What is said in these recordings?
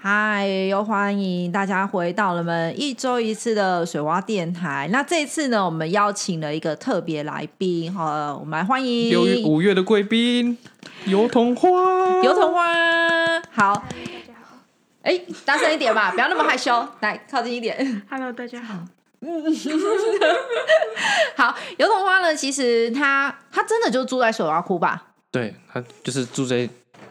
嗨，又歡迎大家回到了我們一周一次的水蛙電台。那這一次呢，我們邀請了一個特別來賓，哈，我們來歡迎六月五月的貴賓油桐花。油桐花，好，Hello, 大家好。哎、欸，大聲一點吧，不要那麼害羞，來靠近一點。Hello，大家好。 嗯， 好。油桐花呢，其實他它真的就住在水蛙窟吧？對，他就是住在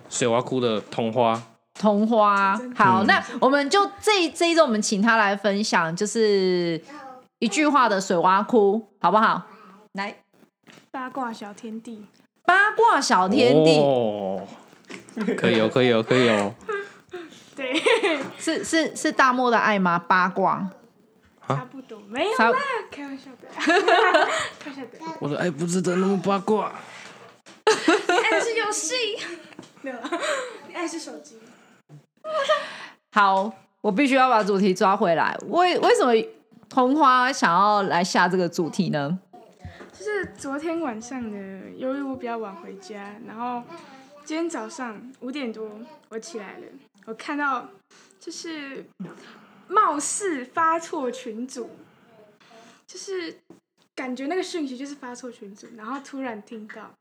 水蛙窟的桐花。同花好，那我們就這一這一周，我們請他來分享，就是一句話的水蛙窟，好不好？來八卦小天地，八卦小天地、哦，可以哦，可以哦，可以哦。 對，是是是大漠的愛嗎？八卦？啊、差不多，沒有了，開玩笑的。 開玩笑的，我說，哎，不知道那麼八卦。 愛是遊戲，沒有了，愛是手機。 好，我必須要把主題抓回來。為為什麼通花想要來下這個主題呢？就是昨天晚上呢，由於我比較晚回家，然後今天早上五點多我起來了，我看到就是貌似發錯群組，就是感覺那個訊息就是發錯群組，然後突然聽到。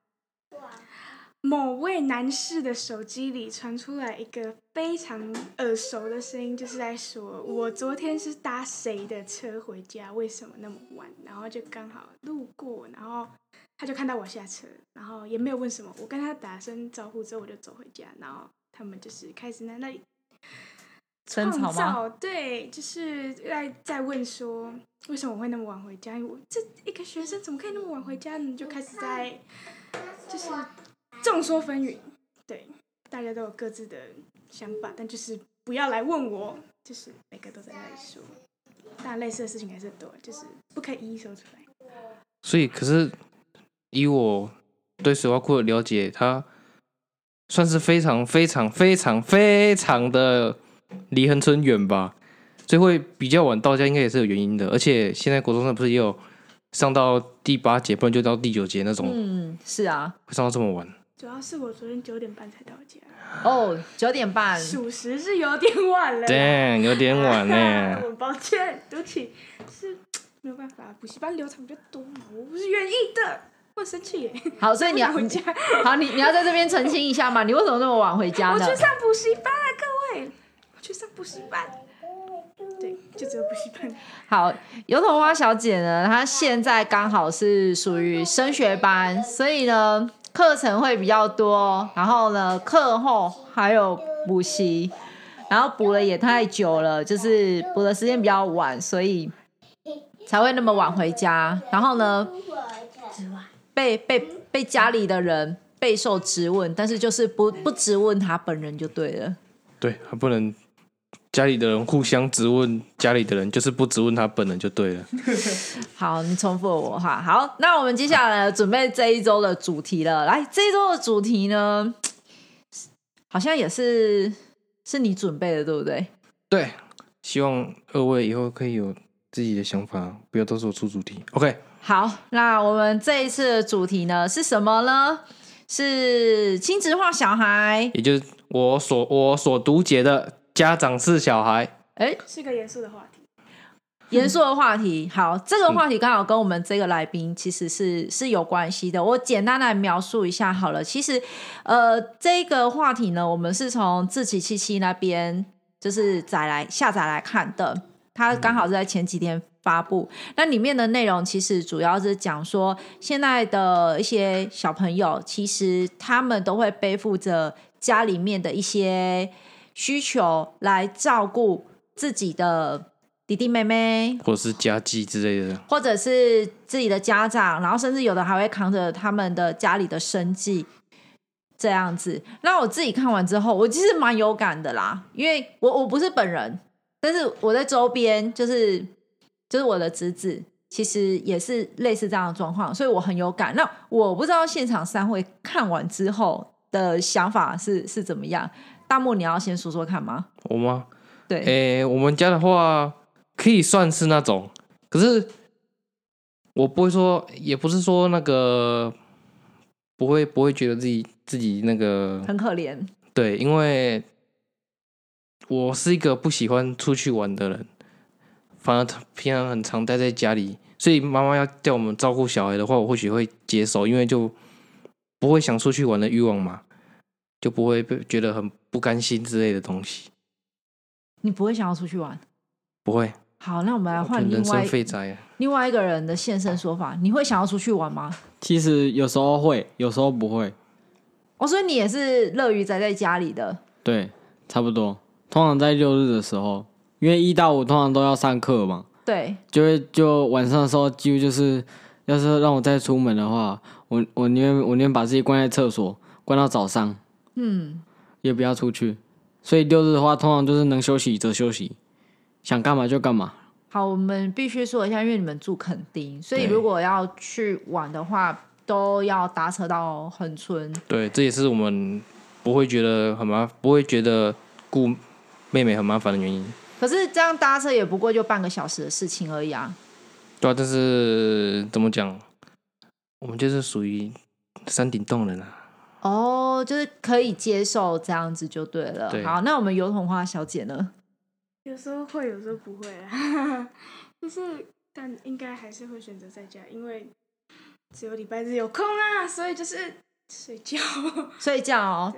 某位男士的手機裡傳出來一個非常耳熟的聲音，就是在說：“我昨天是搭誰的車回家？為什麼那麼晚？”然後就剛好路過，然後他就看到我下車，然後也沒有問什麼。我跟他打聲招呼之後，我就走回家。然後他們就是開始在那裡創造，真嗎對，就是在在問說：“為什麼我會那麼晚回家？因為我這一個學生怎麼可以那麼晚回家呢？”就開始在就是。眾說紛紜，對，大家都有各自的想法，但就是不要來問我，就是每個都在那裡說，但類似的事情還是很多，就是不可以一一說出來。所以，可是以我對水蛙窟的了解，他算是非常非常非常非常的離恆春遠吧，所以會比較晚到家，應該也是有原因的。而且現在國中生不是也有上到第八節，不然就到第九節那種，嗯，是啊，會上到這麼晚。主要是我昨天九點半才到家。哦，九點半，屬實是有點晚了。對，有點晚了。 我抱歉，對不起，是沒有辦法，補習班流程比較多嘛，我不是願意的，會生氣耶。好，所以你要回家。好，你你要在這邊澄清一下嘛， 你為什麼那麼晚回家呢？我去上補習班啊，各位，我去上補習班。對，就只有補習班。好，油桐花小姐呢，她現在剛好是屬於升學班， 所以呢。課程會比較多，然後呢，課後還有補習，然後補的也太久了，就是補的時間比較晚，所以才會那麼晚回家。然後呢，被被被家裡的人備受質問，但是就是不不質問他本人就對了，對，他不能。家裡的人互相質問，家裡的人就是不質問他本人就對了。 好，你重複我哈。好，那我們接下來準備這一周的主題了。來，這一周的主題呢，好像也是是你準備的，對不對？對，希望二位以後可以有自己的想法，不要都是我出主題。OK。好，那我們這一次的主題呢是什麼呢？是親職化小孩，也就是我所我所讀解的。家長是小孩，哎，是一個嚴肅的話題。嚴肅的話題，好，這個話題剛好跟我們這個來賓其實是、嗯、是有關係的。我簡單來描述一下好了。其實，呃，這個話題呢，我們是從志祺七七那邊就是載來下載來看的。它剛好是在前幾天發布，那、嗯、裡面的內容其實主要是講說，現在的一些小朋友，其實他們都會背負着家裡面的一些。需求來照顧自己的弟弟妹妹，或是家計之類的，或者是自己的家長，然後甚至有的還會扛着他們的家裡的生計這樣子。那我自己看完之後，我其實蠻有感的啦，因為我我不是本人，但是我在周邊，就是就是我的侄子，其實也是類似這樣的狀況，所以我很有感。那我不知道現場三位看完之後的想法是是怎麼樣？大漠，你要先說說看嗎？我嗎？對，誒、欸，我們家的話可以算是那種，可是我不會說，也不是說那個不會不會覺得自己自己那個很可憐。對，因為，我是一個不喜歡出去玩的人，反而平常很常待在家裡，所以媽媽要叫我們照顧小孩的話，我或許會接受，因為就不會想出去玩的慾望嘛，就不會被覺得很。不甘心之類的東西，你不會想要出去玩？不會。好，那我們來換另外另外一個人的現身說法。你會想要出去玩嗎？其實有時候會，有時候不會。哦，所以你也是樂於宅在家裡的。對，差不多。通常在六日的時候，因為一到五通常都要上課嘛，對，就會就晚上的時候幾乎就是，要是讓我再出門的話，我我寧願我寧願把自己關在廁所，關到早上。嗯。也不要出去，所以六日的話，通常就是能休息則休息，想幹嘛就幹嘛。好，我們必須說一下，因為你們住墾丁，所以如果要去玩的話，都要搭車到恆春。對，這也是我們不會覺得很麻，不會覺得顧妹妹很麻煩的原因。可是這樣搭車也不過就半個小時的事情而已啊。對啊，但是怎麼講，我們就是屬於山頂洞人啊。哦、oh，就是可以接受這樣子就對了。對好，那我們油桐花小姐呢？有時候會，有時候不會， 就是但應該還是會選擇在家，因為只有禮拜日有空啊，所以就是睡覺 睡覺、哦。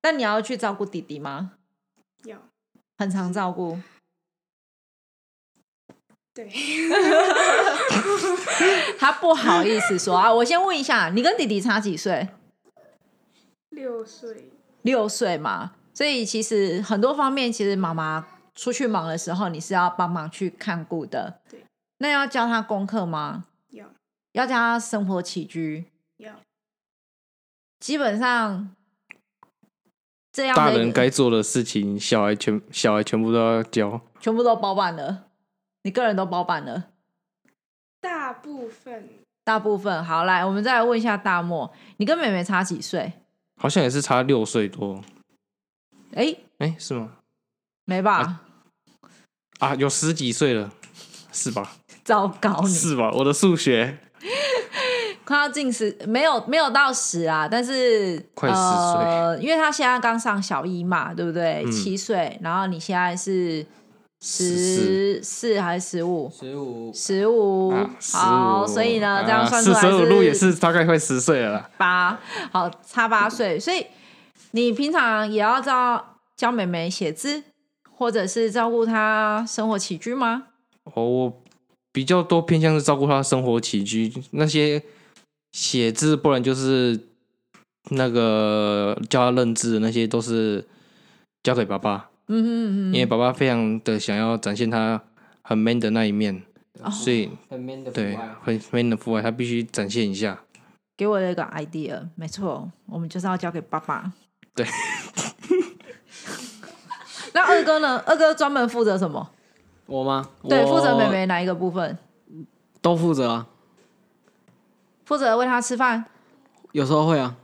但你要去照顧弟弟嗎？有，很常照顧。對， 他不好意思說啊。我先問一下，你跟弟弟差幾歲？六歲，六歲嘛，所以其實很多方面，其實媽媽出去忙的時候，你是要幫忙去看顧的。對，那要教他功課嗎？有，要教他生活起居。有，基本上這樣，大人該做的事情，小孩全小孩全部都要教，全部都包辦了，你個人都包辦了，大部分，大部分。好，來，我們再來問一下大莫，你跟妹妹差幾歲？好像也是差六歲多，哎、欸、哎、欸，是嗎？沒吧？啊，啊有十幾歲了，是吧？糟糕，是吧？我的數學快要 近十，沒有沒有到十啊，但是快十歲、呃，因為他現在剛上小一嘛，對不對？嗯、七歲，然後你現在是。十四,十四還是十五？十五，十五。好，所以呢，啊、這樣算出來是十五路，也是大概快十歲了。八，好，差八歲。所以你平常也要教教妹妹寫字，或者是照顧她生活起居嗎？哦，我比較多偏向是照顧她生活起居，那些寫字，不然就是那個教她認字，那些都是交給爸爸。嗯嗯嗯，因為爸爸非常的想要展現他很 man 的那一面，oh，所以很 man 的，對，很 man 的父愛，他必須展現一下。給我了一個 idea，沒錯，我們就是要交給爸爸。對。 那二哥呢？二哥專門負責什麼？我嗎？對，負責妹妹哪一個部分？都負責啊。負責餵他吃飯？有時候會啊。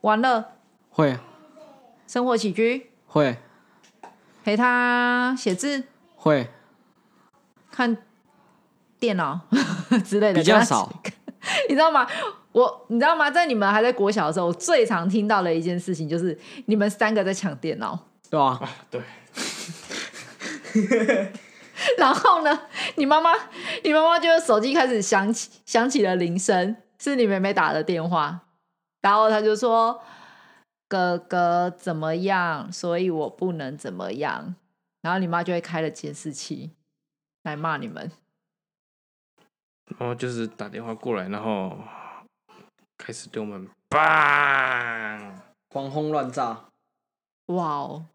玩樂？會啊。生活起居？會。陪他寫字，會看電腦呵呵之類的比較少，你知道嗎？我你知道嗎？在你們還在國小的時候，我最常聽到的一件事情就是你們三個在搶電腦，對啊， 啊對。 然後呢，你媽媽，你媽媽就手機開始響起，響起了鈴聲，是你妹妹打的電話，然後她就說。哥哥怎麼樣？所以我不能怎麼樣。然後你媽就會開了監視器來罵你們，然後就是打電話過來，然後開始對我們砰狂轟亂炸。哇、wow、哦！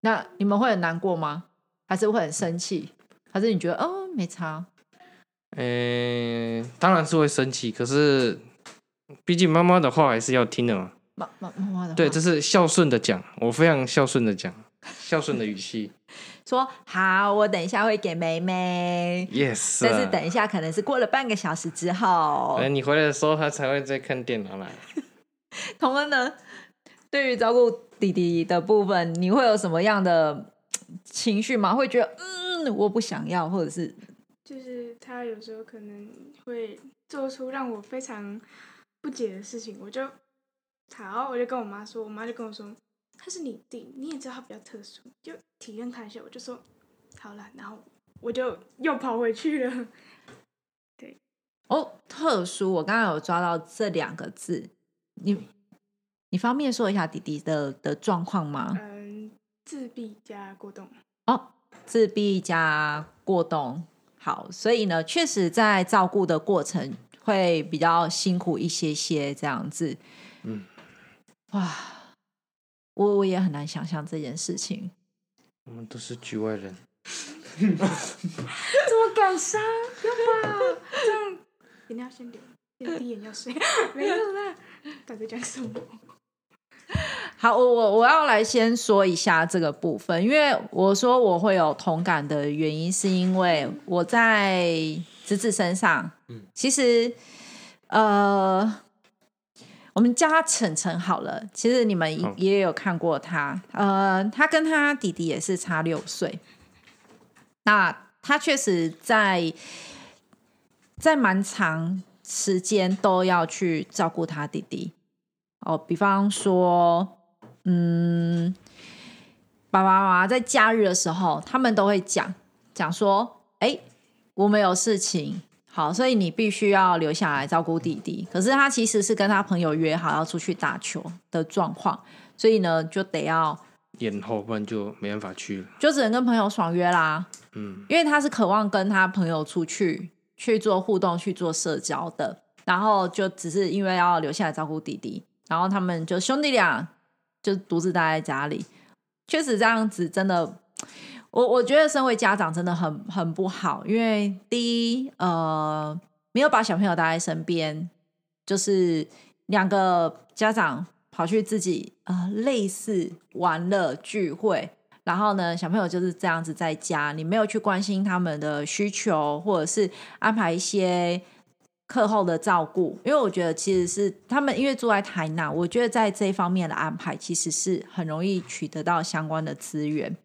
那你們會很難過嗎？還是會很生氣？還是你覺得嗯、哦、沒差？嗯、欸，當然是會生氣。可是畢竟媽媽的話還是要聽的嘛。媽媽對，這是孝順的講，我非常孝順的講，孝順的語氣 說，好，我等一下會給妹妹。Yes，、啊、但是等一下可能是過了半個小時之後，欸、你回來的時候他才會再看電腦啦。 同恩呢，對於照顧弟弟的部分，你會有什麼樣的情緒嗎？會覺得嗯，我不想要，或者是就是他有時候可能會做出讓我非常不解的事情，我就。好，我就跟我媽說，我媽就跟我說，他是你弟，你也知道他比較特殊，就體驗他一下。我就說，好了，然後我就又跑回去了。對，哦，特殊，我剛剛有抓到這兩個字，你你方便說一下弟弟的的狀況嗎？嗯、呃，自閉加過動。哦，自閉加過動。好，所以呢，確實在照顧的過程會比較辛苦一些些，這樣子，嗯。哇，我我也很難想象這件事情。我們都是局外人。這 麼 感傷傷， 要不、啊、這樣，一定要先點，先滴眼藥水，沒有啦， 感覺講什麼？好，我我我要來先說一下這個部分，因為我說我會有同感的原因，是因為我在子子身上，嗯，其實，呃。我們叫他晨晨好了。其實你們也有看過他，嗯、呃，他跟他弟弟也是差六歲。那他確實在在蠻長時間都要去照顧他弟弟。哦，比方說，嗯，爸爸媽媽在假日的時候，他們都會講講說，哎，我沒有事情。好，所以你必須要留下來照顧弟弟。可是他其實是跟他朋友約好要出去打球的狀況，所以呢就得要延後，不然就沒辦法去了，就只能跟朋友爽約啦。嗯，因為他是渴望跟他朋友出去去做互動、去做社交的。然後就只是因為要留下來照顧弟弟，然後他們就兄弟倆就獨自待在家裡。確實這樣子真的。我我覺得身為家長真的很很不好，因為第一，呃，沒有把小朋友帶在身邊，就是兩個家長跑去自己，呃，類似玩樂聚會，然後呢，小朋友就是這樣子在家，你沒有去關心他們的需求，或者是安排一些課後的照顧，因為我覺得其實是他們因為住在台南，我覺得在這方面的安排其實是很容易取得到相關的資源。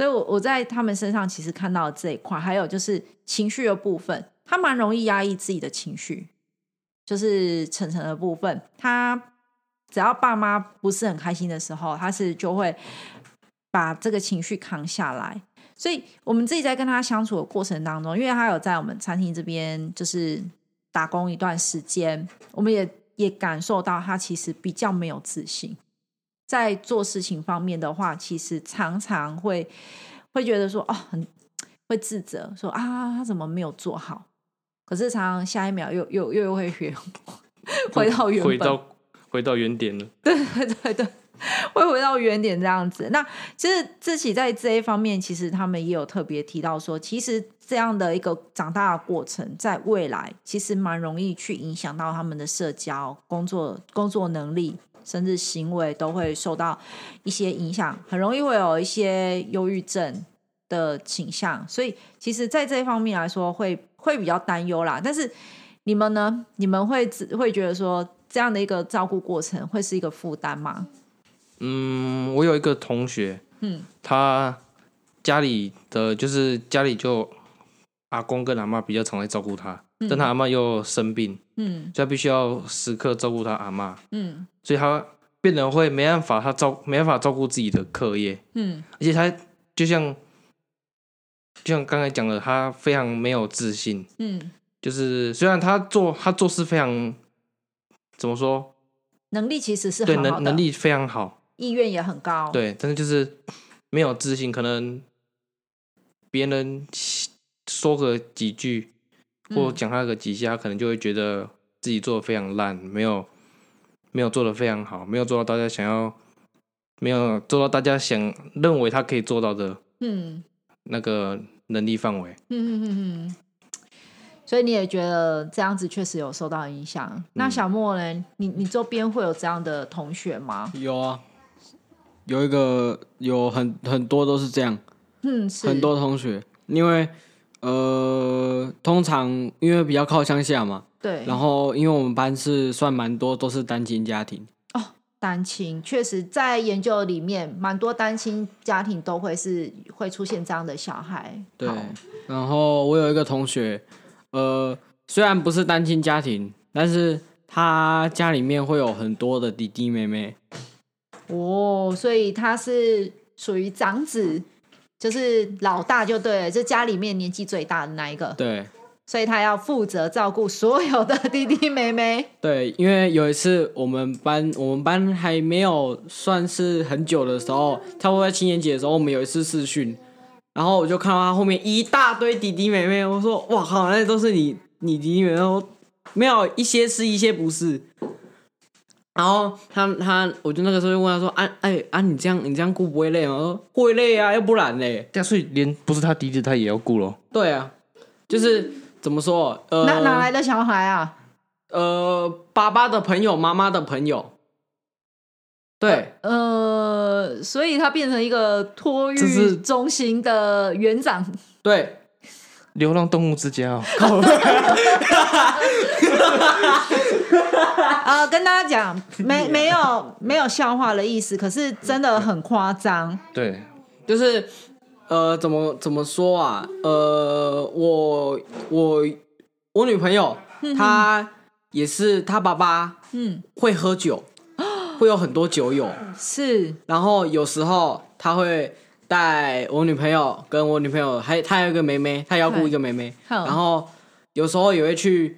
所以，我我在他們身上其實看到這一塊，還有就是情緒的部分，他蠻容易壓抑自己的情緒，就是晨晨的部分，他只要爸媽不是很開心的時候，他是就會把這個情緒扛下來。所以，我們自己在跟他相處的過程當中，因為他有在我們餐廳這邊就是打工一段時間，我們也也感受到他其實比較沒有自信。在做事情方面的話，其實常常會會覺得說，哦，很會自責，說啊，他怎麼沒有做好？可是常常下一秒又又又又會回到原回到回到原點了。對對對對。 會回到原點這樣子。那其實自己在這一方面，其實他們也有特別提到說，其實這樣的一個長大的過程，在未來其實蠻容易去影響到他們的社交、工作、工作能力，甚至行為都會受到一些影響，很容易會有一些憂鬱症的傾向。所以，其實，在這一方面來說，會會比較擔憂啦。但是，你們呢？你們會會覺得說，這樣的一個照顧過程會是一個負擔嗎？嗯，我有一個同學，嗯，他家裡的就是家裡就阿公跟阿嬤比較常來照顧他，嗯，但他阿嬤又生病，嗯，所以他必須要時刻照顧他阿嬤，嗯，所以他變得會沒辦法，他照沒辦法照顧自己的課業，嗯，而且他就像就像剛才講的，他非常沒有自信，嗯，就是雖然他做他做事非常怎麼說，能力其實是好好，對，能能力非常好。意願也很高，對，但是就是沒有自信，可能別人說個幾句，嗯、或講他個幾下，他可能就會覺得自己做的非常爛，沒有沒有做的非常好，沒有做到大家想要，沒有做到大家想認為他可以做到的，嗯，那個能力範圍，嗯嗯嗯嗯，所以你也覺得這樣子確實有受到影響，嗯。那小莫呢？你你周邊會有這樣的同學嗎？有啊。有一個有很很多都是這樣，嗯，是很多同學，因為呃，通常因為比較靠鄉下嘛，對，然後因為我們班是算蠻多都是單親家庭，哦，單親確實，在研究裡面蠻多單親家庭都會是會出現這樣的小孩，對。然後我有一個同學，呃，雖然不是單親家庭，但是他家裡面會有很多的弟弟妹妹。哦、oh，所以他是屬於長子，就是老大就對了，就家裡面年紀最大的那一個。對，所以他要負責照顧所有的弟弟妹妹。對，因為有一次我們班，我們班還沒有算是很久的時候，差不多在青年節的時候，我們有一次視訊，然後我就看到他後面一大堆弟弟妹妹，我說：“哇好，那都是你，你弟弟妹妹沒有一些是一些不是。”然後他他，我就那個時候就問他說：“哎哎啊，哎啊你這樣你這樣顧不會累嗎？”我說，會累啊，要不然呢？”但是連不是他弟弟，他也要顧了。對啊，就是怎麼說呃？哪哪來的小孩啊？呃，爸爸的朋友，媽媽的朋友。對。啊、呃，所以他變成一個托育中心的園長。對。 流浪動物之家、哦。好。 呃跟大家講，沒沒有沒有笑話的意思，可是真的很誇張。對，對就是呃，怎麼怎麼說啊？呃，我我我女朋友，嗯、她也是她爸爸，嗯，會喝酒、嗯，會有很多酒友，是。然後有時候他會帶我女朋友，跟我女朋友還她還有一個妹妹，她要顧一個妹妹、嗯。然後有時候也會去。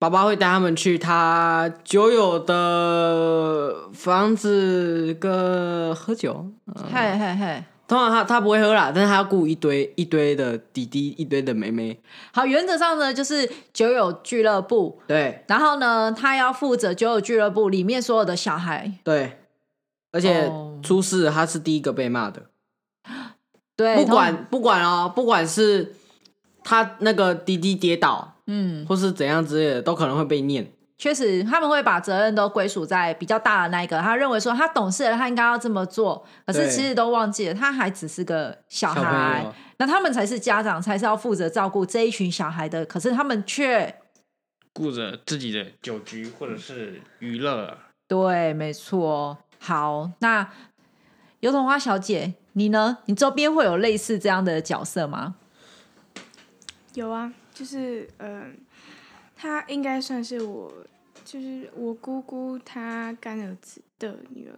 爸爸會帶他們去他酒友的房子，個喝酒。嗨嗨嗨！Hey, hey, hey. 通常他他不會喝啦，但是他要顧一堆一堆的弟弟，一堆的妹妹。好，原則上呢，就是酒友俱樂部。對，然後呢，他要負責酒友俱樂部裡面所有的小孩。對，而且出事他是第一個被罵的。對、oh.，不管不管哦，不管是他那個弟弟跌倒。嗯，或是怎樣之類的，都可能會被念。確實，他們會把責任都歸屬在比較大的那一個。他認為說他懂事了，他應該要這麼做。可是其實都忘記了，他還只是個小孩小朋友啊。那他們才是家長，才是要負責照顧這一群小孩的。可是他們卻顧着自己的酒局或者是娛樂，嗯。對，沒錯。好，那油桐花小姐，你呢？你周邊會有類似這樣的角色嗎？有啊。就是，嗯、呃，她應該算是我，就是我姑姑她乾兒子的女兒，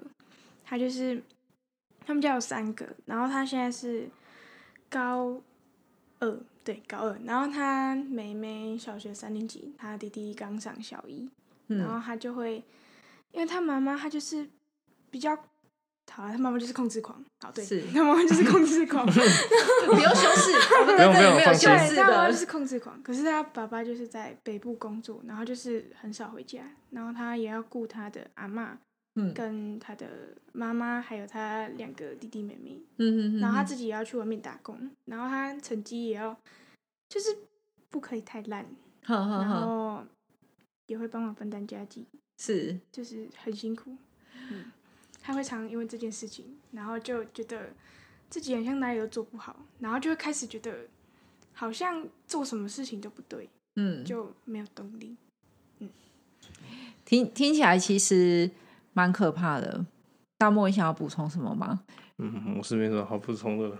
她就是他們家有三個，然後她現在是高二，對，高二，然後她妹妹小學三年級，她弟弟剛上小一，嗯、然後她就會，因為她媽媽她就是比較。好、啊，他媽媽就是控制狂。好，對，是他媽媽就是控制狂。 對 不用修飾，沒有沒有修飾的，他媽媽就是控制狂。 可是他爸爸就是在北部工作，然後就是很少回家，然後他也要顧他的阿媽、嗯，跟他的媽媽，還有他兩個弟弟妹妹、嗯哼哼哼，然後他自己也要去外面打工，然後他成績也要，就是不可以太爛。然後也會幫我分擔家計，是，就是很辛苦，嗯。他會常因為這件事情，然後就覺得自己好像哪裡都做不好，然後就會開始覺得好像做什麼事情都不對，嗯，就沒有動力。嗯，聽聽起來其實蠻可怕的。大漠，你想要補充什麼嗎？嗯，我是沒什麼好補充的。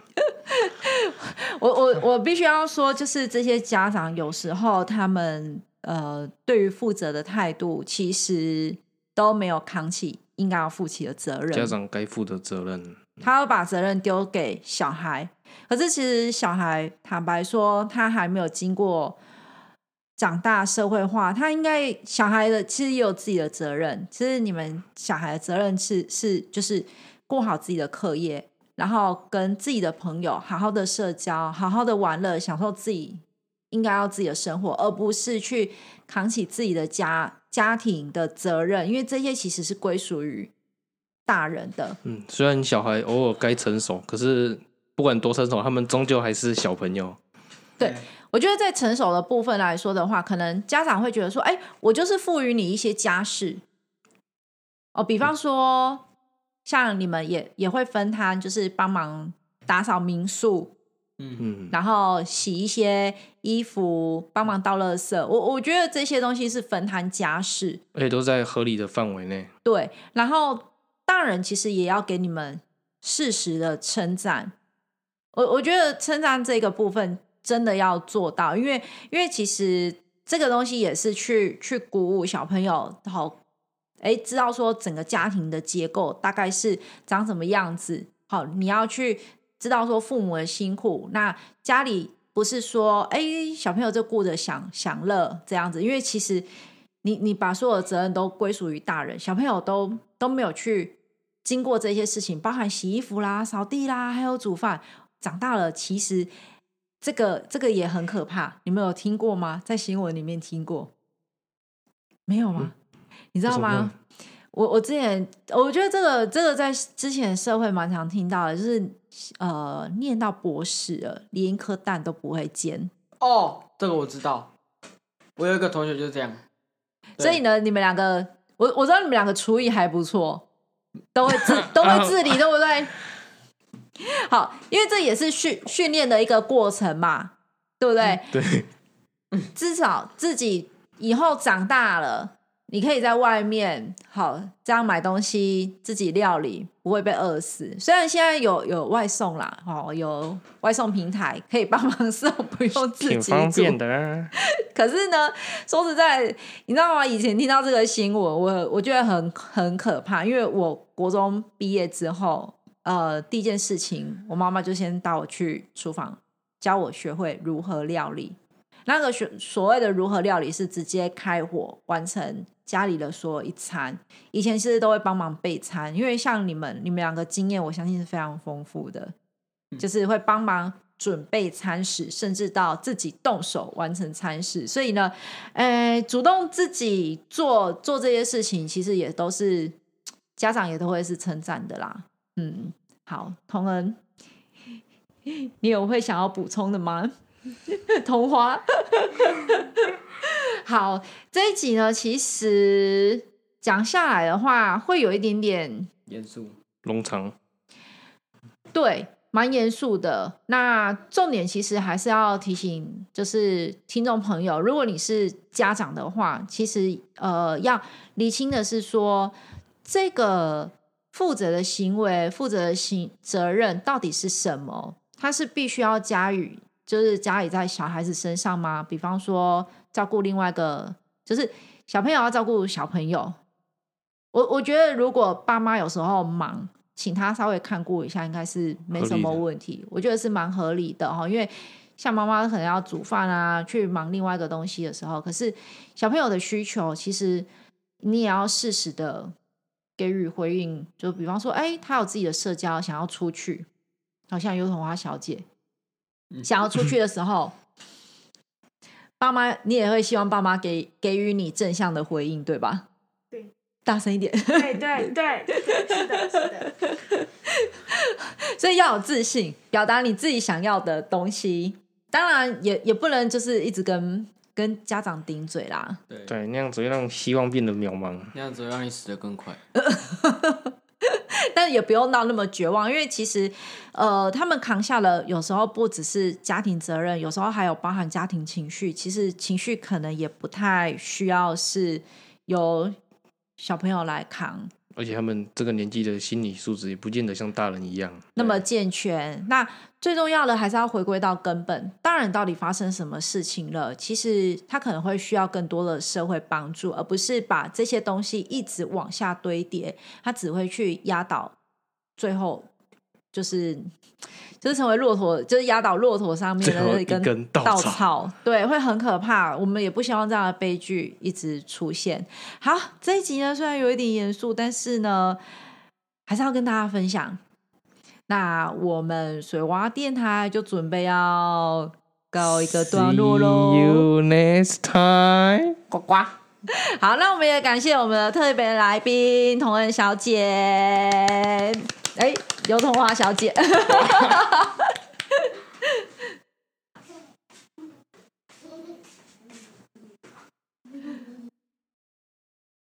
我我我必須要說，就是這些家長有時候他們呃對於負責的態度，其實。都沒有扛起應該要負起的責任，家長該負的責任，他要把責任丟給小孩。可是其實小孩坦白說，他還沒有經過長大社會化，他應該小孩的其實也有自己的責任。其實你們小孩的責任是是就是過好自己的課業，然後跟自己的朋友好好的社交，好好的玩樂，享受自己應該要自己的生活，而不是去扛起自己的家，家庭的責任，因為這些其實是歸屬於大人的。嗯，雖然小孩偶爾該成熟，可是不管多成熟，他們終究還是小朋友。對，我覺得在成熟的部分來說的話，可能家長會覺得說：“哎、欸，我就是賦予你一些家事哦，比方說、嗯、像你們也也會分攤，就是幫忙打掃民宿，嗯，然後洗一些。”衣服，幫忙倒垃圾，我我覺得這些東西是分攤家事，而、欸、且都在合理的範圍內。對，然後大人其實也要給你們適時的稱讚。我我覺得稱讚這個部分真的要做到，因為因為其實這個東西也是去去鼓舞小朋友，好，哎、欸，知道說整個家庭的結構大概是長什麼樣子，好，你要去知道說父母的辛苦，那家裡。不是說哎、欸，小朋友就顧着享享樂這樣子，因為其實你你把所有的責任都歸屬於大人，小朋友都都沒有去經過這些事情，包含洗衣服啦、掃地啦，還有煮飯。長大了，其實這個這個也很可怕。你們有聽過嗎？在新聞裡面聽過？沒有嗎？你知道嗎？我我之前我覺得這個這個在之前社會蠻常聽到的，就是。呃，念到博士了，連一顆蛋都不會煎。哦，這個我知道。我有一個同學就是這樣。所以呢，你們兩個，我我知道你們兩個廚藝還不錯，都會自 都會自理， 對不對？ 好，因為這也是訓訓練的一個過程嘛，對不對？嗯，對。 至少自己以後長大了。你可以在外面，好，這樣買東西，自己料理不會被餓死。雖然現在有有外送啦，哦，有外送平台可以幫忙送， 不用自己煮，挺方便的啊。可是呢，說實在，你知道嗎？以前聽到這個新聞，我我覺得很很可怕，因為我國中畢業之後，呃，第一件事情，我媽媽就先帶我去廚房教我學會如何料理。那個所所謂的如何料理是直接開火完成家裡的所有一餐，以前其實都會幫忙備餐，因為像你們你們兩個經驗我相信是非常豐富的、嗯，就是會幫忙準備餐食，甚至到自己動手完成餐食，所以呢，呃、欸，主動自己做做這些事情，其實也都是家長也都會是稱讚的啦。嗯，好，同恩，你有會想要補充的嗎？童 話同花笑好，這一集呢，其實講下來的話，會有一點點嚴肅、冗長。對，蠻嚴肅的。那重點其實還是要提醒，就是聽眾朋友，如果你是家長的話，其實呃，要理清的是說，這個負責的行為、負責的行責任到底是什麼？它是必須要加以。就是家裡在小孩子身上嘛，比方說照顧另外一個，就是小朋友要照顧小朋友。我我覺得如果爸媽有時候忙，請他稍微看顧一下，應該是沒什麼問題。我覺得是蠻合理的哈，因為像媽媽可能要煮飯啊，去忙另外一個東西的時候，可是小朋友的需求，其實你也要適時的給予回應。就比方說，哎、欸，他有自己的社交，想要出去，好像尤童花小姐。想要出去的時候， 爸媽，你也會希望爸媽給給予你正向的回應，對吧？對，大聲一點。對對對 是，是的，是的。 所以要有自信，表達你自己想要的東西。當然也，也也不能就是一直跟跟家長頂嘴啦。對對，那樣子會讓希望變得渺茫，那樣子會讓你死得更快。 但也不用鬧那麼絕望，因為其實，呃，他們扛下了，有時候不只是家庭責任，有時候還有包含家庭情緒。其實情緒可能也不太需要是由小朋友來扛。而且他們這個年紀的心理素質也不見得像大人一樣那麼健全。那最重要的還是要回歸到根本，大人到底發生什麼事情了？其實他可能會需要更多的社會幫助，而不是把這些東西一直往下堆疊，他只會去壓倒最後。就是就是成為駱駝，就是壓倒駱駝上面的那一根稻草，對，會很可怕。我們也不希望這樣的悲劇一直出現。好，這一集呢雖然有一點嚴肅，但是呢還是要跟大家分享。那我們水蛙電台就準備要告一個段落嘍。See you next time，呱呱。好，那我們也感謝我們的特別的來賓同恩小姐。哎，劉同華小姐。